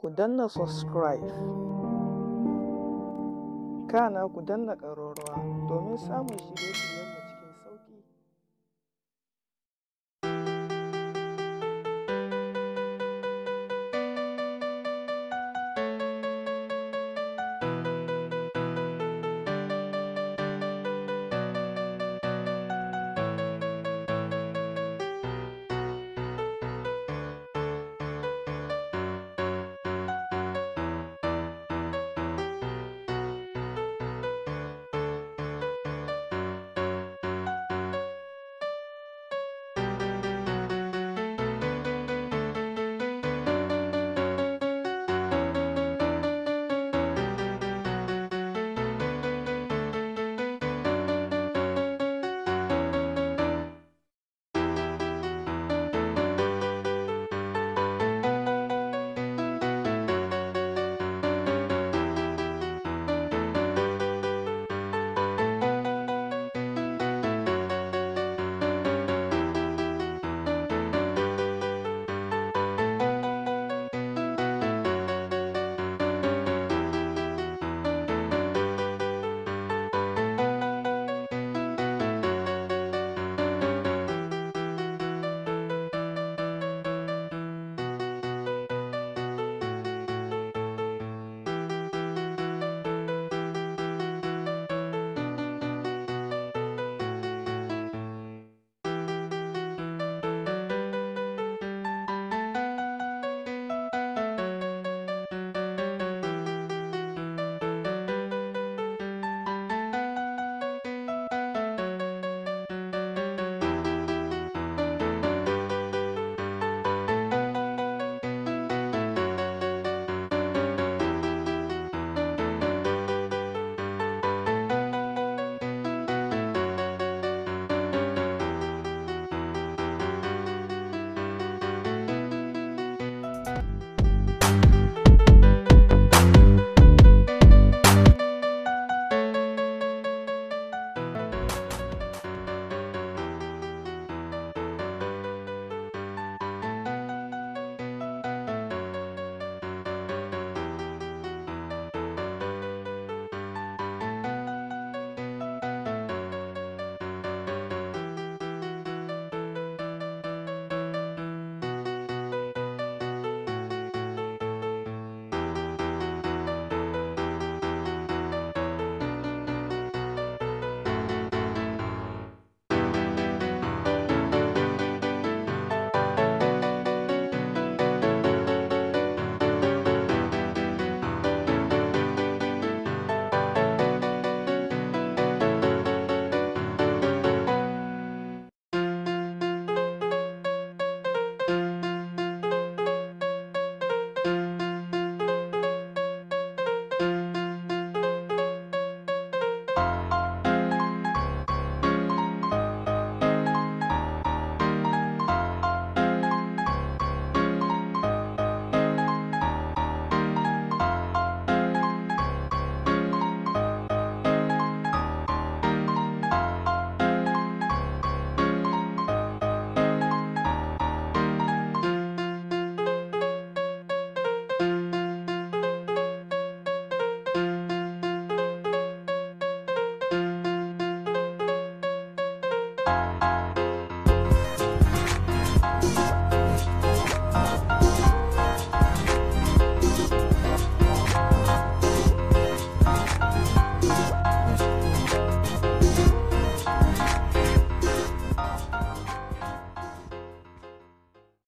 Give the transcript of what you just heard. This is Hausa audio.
ku danna subscribe kana ku danna ƙararrawa domin samun shirye-shirye